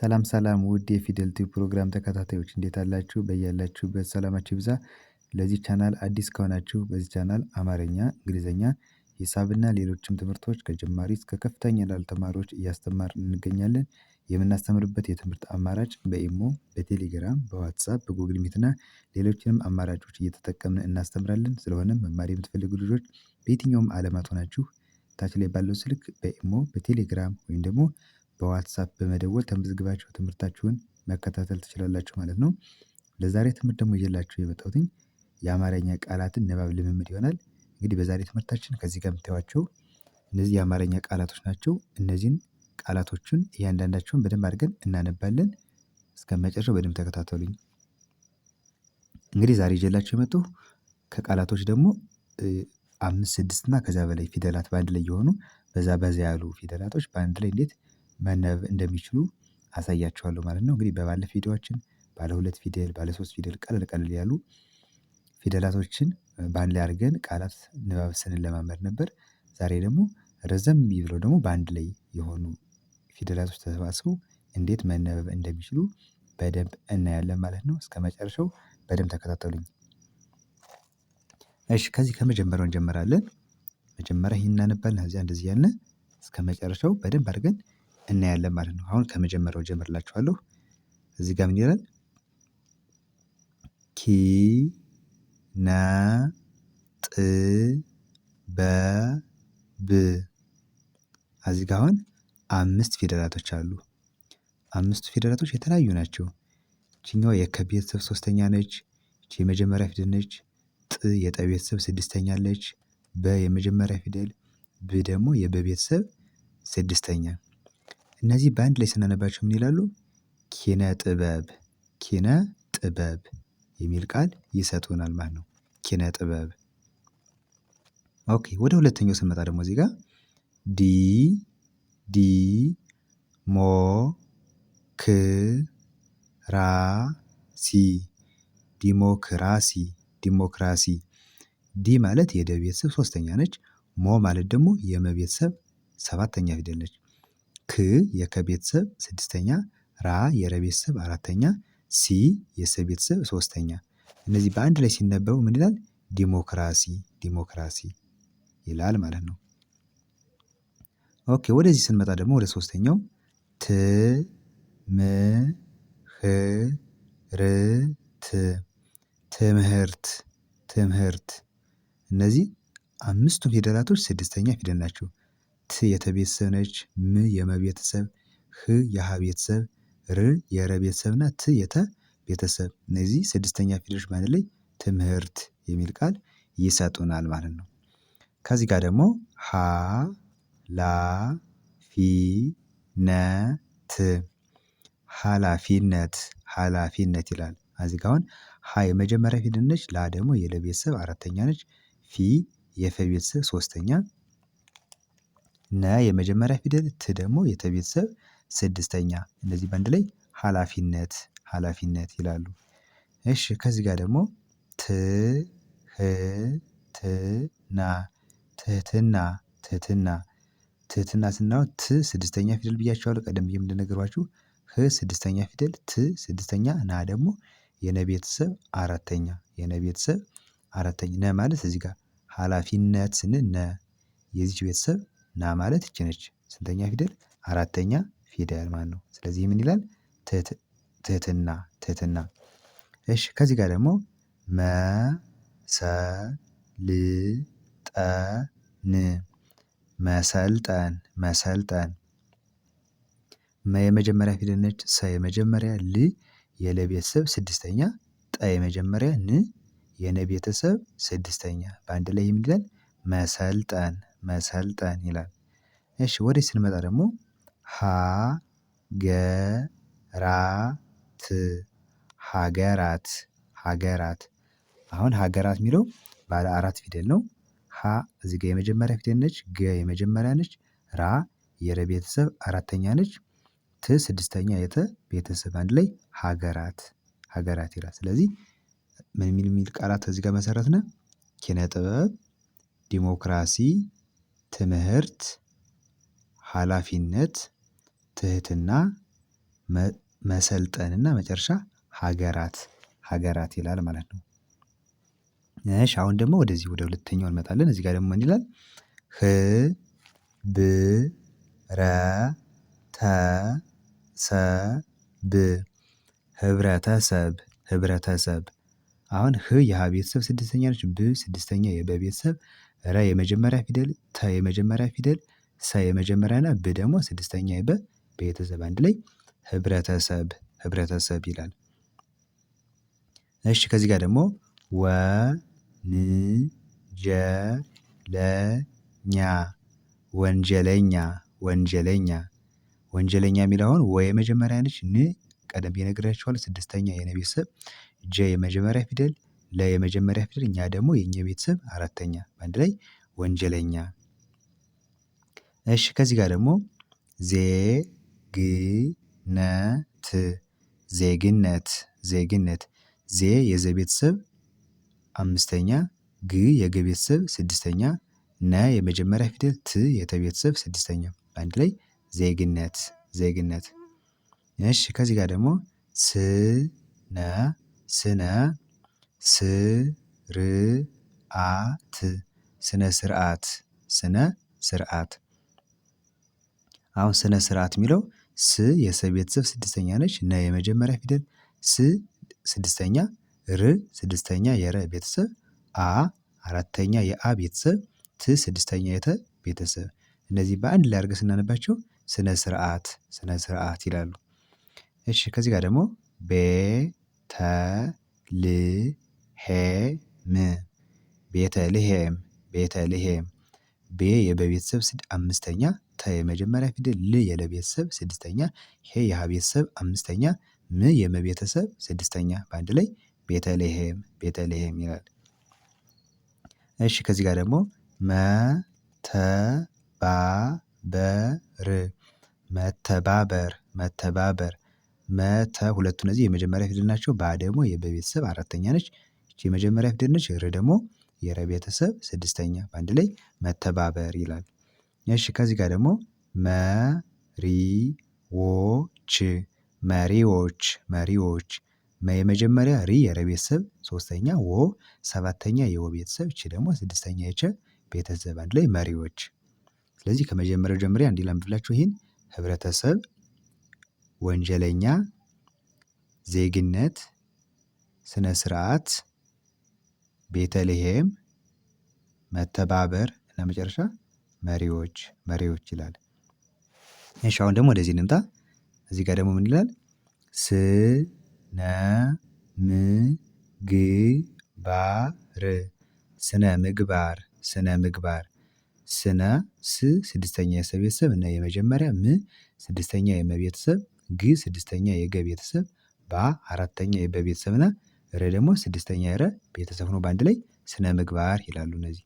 ሰላም ሰላም ውድ የፊደል ቲዩብ ፕሮግራም ተከታታዮች እንዴት አላችሁ? በያላችሁበት ሰላማችሁ ይብዛ። ለዚህ ቻናል አዲስ ከሆናችሁ በዚህ ቻናል አማርኛ፣ እንግሊዝኛ፣ ሂሳብና ሌሎችም ትምህርቶች ከጀማሪ እስከ ከፍተኛ ላሉ ተማሪዎች እያስተማር እንገኛለን። የምናስተምርበት የትምህርት አማራጭ በኢሞ፣ በቴሌግራም፣ በዋትሳፕ፣ በጉግል ሚትና ሌሎችንም አማራጮች እየተጠቀምን እናስተምራለን። ስለሆነም መማር የምትፈልጉ ልጆች በየትኛውም አለማት ሆናችሁ ታች ላይ ባለው ስልክ በኢሞ፣ በቴሌግራም ወይም ደግሞ በዋትሳፕ በመደወል ተመዝግባችሁ ትምህርታችሁን መከታተል ትችላላችሁ ማለት ነው። ለዛሬ ትምህርት ደግሞ ይዤላችሁ የመጣሁትኝ የአማርኛ ቃላትን ንባብ ልምምድ ይሆናል። እንግዲህ በዛሬ ትምህርታችን ከዚህ ጋር የምታዩቸው እነዚህ የአማርኛ ቃላቶች ናቸው። እነዚህን ቃላቶችን እያንዳንዳቸውን በደንብ አድርገን እናነባለን። እስከ መጨረሻው በደንብ ተከታተሉኝ። እንግዲህ ዛሬ ይዤላችሁ የመጡ ከቃላቶች ደግሞ አምስት ስድስት እና ከዛ በላይ ፊደላት በአንድ ላይ የሆኑ በዛ በዛ ያሉ ፊደላቶች በአንድ ላይ እንዴት መነበብ እንደሚችሉ አሳያቸዋለሁ ማለት ነው። እንግዲህ በባለፈ ቪዲዮአችን ባለ ሁለት ፊደል ባለ ሶስት ፊደል ቀለል ቀለል ያሉ ፊደላቶችን በአንድ ላይ አድርገን ቃላት ንባብ ስንለማመድ ነበር። ዛሬ ደግሞ ረዘም ብሎ ደግሞ በአንድ ላይ የሆኑ ፊደላቶች ተሰባስበው እንዴት መነበብ እንደሚችሉ በደንብ እናያለን ማለት ነው። እስከ መጨረሻው በደንብ ተከታተሉኝ። እሺ ከዚህ ከመጀመሪያው እንጀምራለን። መጀመሪያ ይህን እናነባለን። ከዚያ እንደዚህ ያለ እስከ መጨረሻው በደንብ አድርገን እናያለን ማለት ነው። አሁን ከመጀመሪያው እጀምርላችኋለሁ። እዚህ ጋር ምን ይላል? ኪ ነ ጥ በ ብ እዚህ ጋር አሁን አምስት ፊደላቶች አሉ። አምስቱ ፊደላቶች የተለያዩ ናቸው። ይችኛዋ የከ ቤተሰብ ሶስተኛ ነች። ች የመጀመሪያ ፊደል ነች። ጥ የጠ ቤተሰብ ስድስተኛ ለች በ የመጀመሪያ ፊደል ብ ደግሞ የበ ቤተሰብ ስድስተኛ እነዚህ በአንድ ላይ ስናነባቸው ምን ይላሉ? ኪነ ጥበብ ኪነ ጥበብ የሚል ቃል ይሰጡናል ማለት ነው። ኪነ ጥበብ። ኦኬ ወደ ሁለተኛው ስንመጣ ደግሞ እዚህ ጋር ዲ ዲ ሞ ክ ራ ሲ ዲሞክራሲ ዲሞክራሲ ዲ ማለት የደ ቤተሰብ ሶስተኛ ነች። ሞ ማለት ደግሞ የመ ቤተሰብ ሰባተኛ ፊደል ነች። ክ የከቤተሰብ ስድስተኛ ራ የረቤተሰብ አራተኛ ሲ የሰቤተሰብ ሶስተኛ እነዚህ በአንድ ላይ ሲነበቡ ምን ይላል? ዲሞክራሲ ዲሞክራሲ ይላል ማለት ነው። ኦኬ ወደዚህ ስንመጣ ደግሞ ወደ ሶስተኛው ት ትምህርት ትምህርት እነዚህ አምስቱ ፊደላቶች ስድስተኛ ፊደል ናቸው። ት የተቤተሰብ ነች። ም የመቤተሰብ፣ ህ የሀ ቤተሰብ ር የረ ቤተሰብ እና ት የተ ቤተሰብ እነዚህ ስድስተኛ ፊደሎች በአንድ ላይ ትምህርት የሚል ቃል ይሰጡናል ማለት ነው። ከዚህ ጋር ደግሞ ሀ ላ ፊ ነ ት ሀላፊነት ሀላፊነት ይላል እዚህ ጋ አሁን ሀ የመጀመሪያ ፊደል ነች ላ ደግሞ የለቤተሰብ አራተኛ ነች ፊ የፈ ቤተሰብ ሶስተኛ ነ የመጀመሪያ ፊደል ት ደግሞ የተቤተሰብ ስድስተኛ እነዚህ በአንድ ላይ ሀላፊነት ሀላፊነት ይላሉ። እሺ ከዚህ ጋር ደግሞ ት ህ ት ትህትና ትህትና ትህትና ስናው ት ስድስተኛ ፊደል ብያችኋለሁ ቀደም ብዬ እንደነገሯችሁ ህ ስድስተኛ ፊደል ት ስድስተኛ ና ደግሞ የነ ቤተሰብ አራተኛ የነ ቤተሰብ አራተኛ ነ ማለት እዚህ ጋር ሀላፊነት ስንል ነ የዚች ቤተሰብ ና ማለት ይቺ ነች ስንተኛ ፊደል አራተኛ ፊደል ማለት ነው። ስለዚህ ምን ይላል? ትህትና ትህትና እሺ ከዚህ ጋር ደግሞ መሰልጠን መሰልጠን መሰልጠን መ የመጀመሪያ ፊደል ነች ሰ የመጀመሪያ ል የለቤተሰብ ስድስተኛ ጠ የመጀመሪያ ን የነቤተሰብ ስድስተኛ በአንድ ላይ ምን ይላል? መሰልጠን መሰልጠን ይላል። እሺ ወደዚህ ስንመጣ ደግሞ ሀገራት ሀገራት ሀገራት አሁን ሀገራት የሚለው ባለ አራት ፊደል ነው። ሀ እዚህ ጋ የመጀመሪያ ፊደል ነች ገ የመጀመሪያ ነች ራ የረ ቤተሰብ አራተኛ ነች ት ስድስተኛ የተ ቤተሰብ አንድ ላይ ሀገራት ሀገራት ይላል። ስለዚህ ምን የሚል የሚል ቃላት እዚህ ጋር ነ? ኪነ ጥበብ ዲሞክራሲ ትምህርት ሀላፊነት ትህትና መሰልጠንና መጨረሻ ሀገራት ሀገራት ይላል ማለት ነው። እሺ አሁን ደግሞ ወደዚህ ወደ ሁለተኛው እንመጣለን እዚህ ጋር ደግሞ ምን ይላል? ህ ብ ረ ተ ሰ ብ ህብረተሰብ ህብረተሰብ አሁን ህ የሀ ቤተሰብ ስድስተኛ ነች ብ ስድስተኛ የበ ቤተሰብ ረ የመጀመሪያ ፊደል፣ ተ የመጀመሪያ ፊደል፣ ሰ የመጀመሪያና ብ ደግሞ ስድስተኛ በ ቤተሰብ አንድ ላይ ህብረተሰብ ህብረተሰብ ይላል። እሺ ከዚህ ጋር ደግሞ ወንጀለኛ ወንጀለኛ ወንጀለኛ ወንጀለኛ የሚል አሁን ወ የመጀመሪያ ነች። ን ቀደም ብዬ ስድስተኛ የነ ቤተሰብ ጀ የመጀመሪያ ፊደል ለየመጀመሪያ ፊደል እኛ ደግሞ የእኛ ቤተሰብ አራተኛ በአንድ ላይ ወንጀለኛ። እሺ ከዚህ ጋር ደግሞ ዜግነት ዜግነት ዜግነት ዜ የዘ ቤተሰብ አምስተኛ ግ የገ ቤተሰብ ስድስተኛ ነ የመጀመሪያ ፊደል ት የተ ቤተሰብ ስድስተኛ በአንድ ላይ ዜግነት ዜግነት። እሺ ከዚህ ጋር ደግሞ ስነ ስነ ስርአት ስነ ስርአት ስነ ስርአት አሁን ስነ ስርዓት የሚለው ስ የሰ ቤተሰብ ስድስተኛ ነች ነ የመጀመሪያ ፊደል ስ ስድስተኛ ር ስድስተኛ የረ ቤተሰብ አ አራተኛ የአ ቤተሰብ ት ስድስተኛ የተ ቤተሰብ እነዚህ በአንድ ላይ አድርገን ስናነባቸው ስነ ስርአት ስነ ስርአት ይላሉ። እሺ ከዚህ ጋር ደግሞ ቤተ ል ሄም ቤተልሄም ቤተልሄም ቤ የበቤተሰብ ስድ አምስተኛ ተ የመጀመሪያ ፊደል ል የለቤተሰብ ስድስተኛ ሄ የሀቤተሰብ አምስተኛ ም የመቤተሰብ ስድስተኛ በአንድ ላይ ቤተልሄም ቤተልሄም ይላል። እሺ ከዚህ ጋር ደግሞ መተባበር መተባበር መተባበር መተ ሁለቱ እነዚህ የመጀመሪያ ፊደል ናቸው። ባ ደግሞ የበቤተሰብ አራተኛ ነች የመጀመሪያ ፊደል ነች። ር ደግሞ የረ ቤተሰብ ስድስተኛ በአንድ ላይ መተባበር ይላል። እሺ ከዚህ ጋር ደግሞ መሪዎች መሪዎች መሪዎች የመጀመሪያ ሪ የረ ቤተሰብ ሶስተኛ ወ ሰባተኛ የወ ቤተሰብ እቺ ደግሞ ስድስተኛ የቸ ቤተሰብ አንድ ላይ መሪዎች። ስለዚህ ከመጀመሪያው ጀምሬ አንድ ላምድላችሁ ይህን ህብረተሰብ፣ ወንጀለኛ፣ ዜግነት፣ ስነ ስርዓት ቤተልሔም፣ መተባበር እና መጨረሻ መሪዎች መሪዎች ይላል። እሺ አሁን ደግሞ ወደዚህ እንምጣ። እዚህ ጋር ደግሞ ምን ይላል? ስነ ምግባር ስነ ምግባር ስነ ምግባር ስነ ስ ስድስተኛ የሰ ቤተሰብ እና የመጀመሪያ ም ስድስተኛ የመ ቤተሰብ ግ ስድስተኛ የገ ቤተሰብ ባ አራተኛ የበ ቤተሰብ እና ረ ደግሞ ስድስተኛ ረ ቤተሰብ ነው በአንድ ላይ ስነ ምግባር ይላሉ እነዚህ።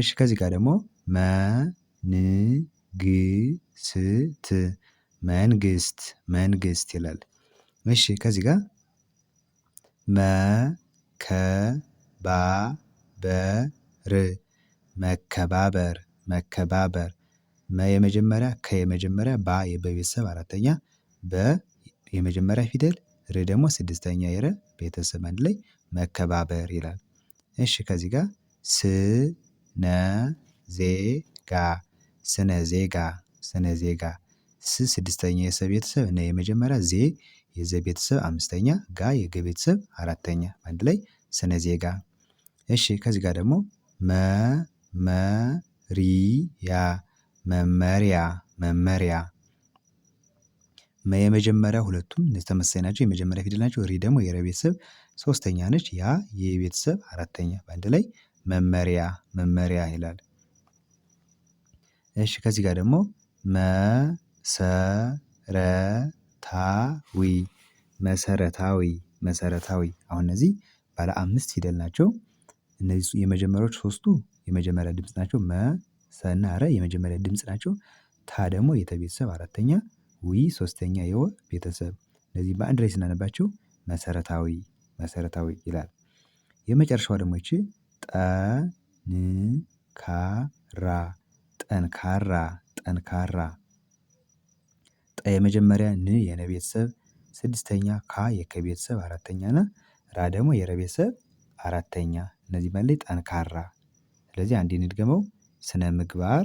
እሺ ከዚህ ጋር ደግሞ መንግስት መንግስት መንግስት ይላል። እሺ ከዚህ ጋር መከባበር መከባበር መከባበር መ የመጀመሪያ ከ የመጀመሪያ ባ የበቤተሰብ አራተኛ በ የመጀመሪያ ፊደል ር ደግሞ ስድስተኛ የረ ቤተዘመን ላይ መከባበር ይላል። እሺ ከዚህ ጋር ስነ ዜጋ ስነ ዜጋ ስነ ዜጋ ስ ስድስተኛ የሰ ቤተሰብ ነ የመጀመሪያ ዜ የዘ ቤተሰብ አምስተኛ ጋ የገ ቤተሰብ አራተኛ አንድ ላይ ስነ ዜጋ። እሺ ከዚህ ጋር ደግሞ መመሪያ መመሪያ መመሪያ የመጀመሪያ ሁለቱም ተመሳሳይ ናቸው። የመጀመሪያ ፊደል ናቸው። ሪ ደግሞ የረ ቤተሰብ ሶስተኛ ነች። ያ የቤተሰብ አራተኛ በአንድ ላይ መመሪያ መመሪያ ይላል። እሺ ከዚህ ጋር ደግሞ መሰረታዊ መሰረታዊ መሰረታዊ አሁን እነዚህ ባለ አምስት ፊደል ናቸው። እነዚህ የመጀመሪያዎች ሶስቱ የመጀመሪያ ድምፅ ናቸው። መሰና ረ የመጀመሪያ ድምፅ ናቸው። ታ ደግሞ የተቤተሰብ አራተኛ ዊ ሶስተኛ የወ ቤተሰብ እነዚህ በአንድ ላይ ስናነባቸው መሰረታዊ መሰረታዊ ይላል። የመጨረሻዋ ደግሞ ይቺ ጠንካራ ጠንካራ ጠንካራ ጠ የመጀመሪያ ን የነ ቤተሰብ ስድስተኛ ካ የከ ቤተሰብ አራተኛ ና ራ ደግሞ የረ ቤተሰብ አራተኛ እነዚህ ላይ ጠንካራ። ስለዚህ አንድ እንድገመው ስነ ምግባር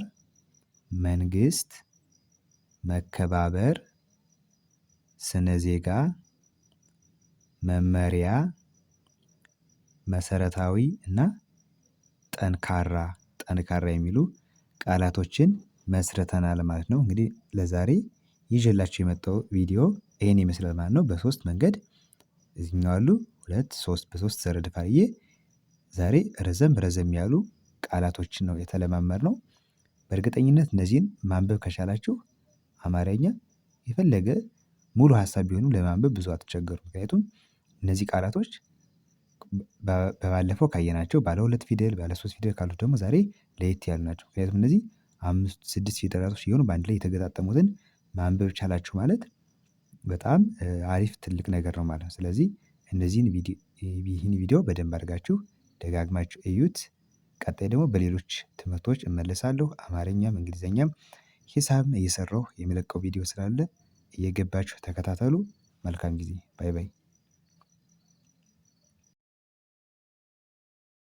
መንግስት መከባበር፣ ስነ ዜጋ፣ መመሪያ፣ መሰረታዊ እና ጠንካራ ጠንካራ የሚሉ ቃላቶችን መስርተናል ማለት ነው። እንግዲህ ለዛሬ ይዤላችሁ የመጣው ቪዲዮ ይህን ይመስላል ማለት ነው። በሶስት መንገድ እዚህኛው አሉ ሁለት ሶስት በሶስት ዘርድ ዛሬ ረዘም ረዘም ያሉ ቃላቶችን ነው የተለማመድ ነው። በእርግጠኝነት እነዚህን ማንበብ ከቻላችሁ አማርኛ የፈለገ ሙሉ ሀሳብ ቢሆንም ለማንበብ ብዙ አትቸገሩ ምክንያቱም እነዚህ ቃላቶች በባለፈው ካየናቸው ባለ ሁለት ፊደል ባለ ሶስት ፊደል ካሉት ደግሞ ዛሬ ለየት ያሉ ናቸው። ምክንያቱም እነዚህ አምስት ስድስት ፊደላቶች ሲሆኑ በአንድ ላይ የተገጣጠሙትን ማንበብ ቻላችሁ ማለት በጣም አሪፍ ትልቅ ነገር ነው ማለት ነው። ስለዚህ እነዚህን ይህን ቪዲዮ በደንብ አድርጋችሁ ደጋግማችሁ እዩት። ቀጣይ ደግሞ በሌሎች ትምህርቶች እመለሳለሁ። አማርኛም እንግሊዝኛም ሂሳብ እየሰራሁ የሚለቀው ቪዲዮ ስላለ እየገባችሁ ተከታተሉ። መልካም ጊዜ ባይ ባይ